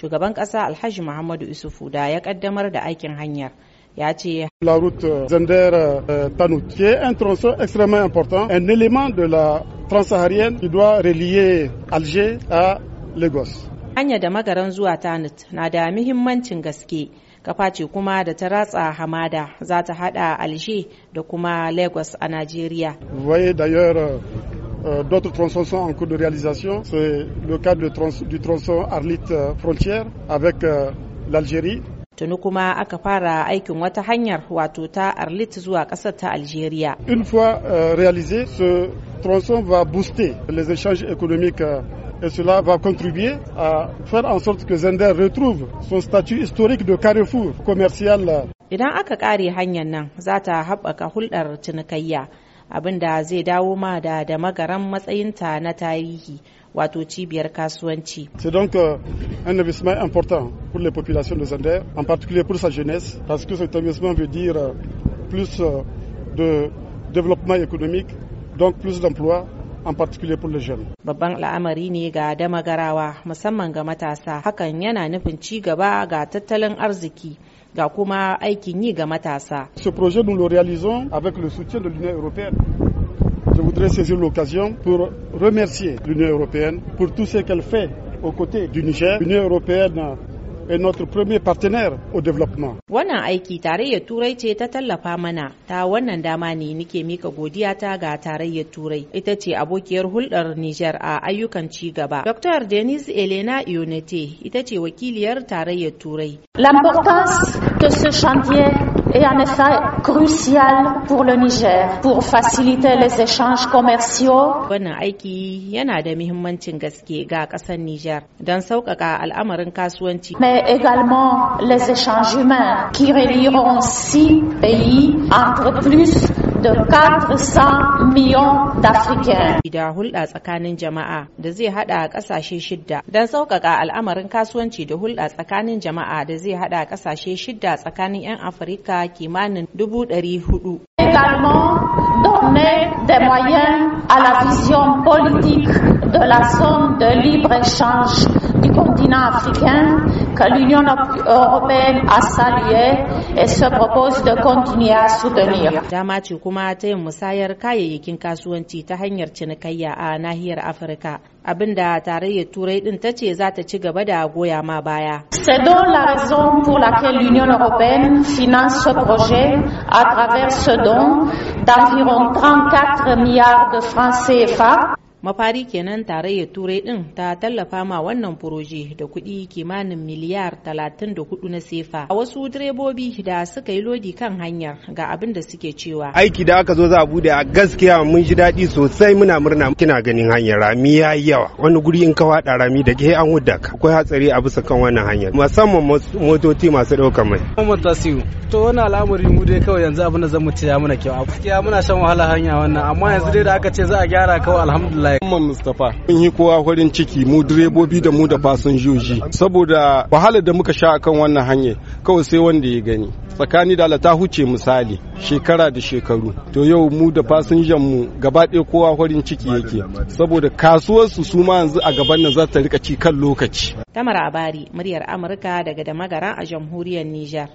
shugaban kasa alhaji muhammadu isufu da ya kaddamar da aikin hanyar ya ce La route euh, Zender-Tanout, euh, qui est un tronçon extrêmement important, un élément de la transsaharienne qui doit relier Alger à Lagos. hanya da magaran zuwa tanut na da muhimmancin gaske, kafa ce kuma da ta ratsa hamada za ta hada Alger da kuma Lagos a nigeria. Vous voyez d'ailleurs euh, Euh, d'autres tronçons sont en cours de réalisation. C'est le cas du tronçon Arlit euh, frontière avec euh, l'Algérie. Une fois réalisé, ce tronçon va booster les échanges économiques et cela va contribuer à faire en sorte que Zender retrouve son statut historique de carrefour commercial. abin da zai dawo ma da da magaran matsayinta na tarihi wato cibiyar kasuwanci. C'est donc euh, un investissement important pour les populations de Zander, en particulier pour sa jeunesse, parce que cet investissement veut dire euh, plus euh, de développement économique, donc plus d'emplois, en particulier pour les jeunes. Babban al'amari ne ga damagarawa musamman ga matasa hakan yana nufin ci gaba ga tattalin arziki. Ce projet nous le réalisons avec le soutien de l'Union européenne. Je voudrais saisir l'occasion pour remercier l'Union européenne pour tout ce qu'elle fait aux côtés du Niger. L'Union européenne notre premier partenaire au développement. Wannan aiki tarayyar Turai ce ta tallafa mana ta wannan dama ne nike mika godiya ta ga tarayyar Turai ita ce abokiyar hulɗar Niger a ayyukan ci gaba. Dr. denis Elena Ionete ita ce wakiliyar tarayyar Turai. L'importance de ce chantier est en effet crucial pour le Niger pour faciliter les échanges commerciaux. Mais également les échanges humains qui réuniront six pays entre plus da 400 millions d'Africains. Da hulɗa tsakanin jama'a da zai haɗa ƙasashe shidda don sauƙaƙa al'amarin kasuwanci da hulɗa tsakanin jama'a da zai haɗa ƙasashe shidda tsakanin 'yan Afirka kimanin dubu ɗari hudu. donner des moyens à la vision politique de la zone de libre-échange continent africain que l'Union européenne a salué et se propose de continuer à soutenir. Dama ce kuma ta yin musayar kayayyakin kasuwanci ta hanyar cinikayya a nahiyar Afirka. abinda tarayyar turai din ta ce za ta ci gaba da goya ma baya. C'est donc la raison pour laquelle l'Union européenne finance ce projet à travers ce don d'environ 34 milliards de francs CFA. mafari kenan tarayyar turai din ta tallafa ma wannan furoje da kuɗi kimanin miliyar 34 na sefa a wasu direbobi da suka yi lodi kan hanyar ga abin da suke cewa aiki da aka zo za a bude a gaskiya mun ji daɗi sosai muna murna kina ganin hanyar rami ya yi yawa wani guri in ka waɗa rami da ke an wuda ka akwai hatsari a bisa kan wannan hanyar musamman motoci masu ɗaukar mai Muhammad to wani al'amari mu dai kawai yanzu abin da zan mu ce ya muna kyau a muna shan wahala hanya wannan amma yanzu dai da aka ce za a gyara kawai alhamdulillah Allah ya kuma Mustafa mun yi kowa farin ciki mu direbobi da mu da fasinjoji saboda wahalar da muka sha akan wannan hanyar kawai sai wanda ya gani tsakani da Allah ta huce misali shekara da shekaru to yau mu da fasinjan mu gaba ɗaya kowa farin ciki yake saboda kasuwar su su ma yanzu a gaban nan za ta rika ci kan lokaci Tamara Abari muryar Amurka daga da magara a jamhuriyar Nijar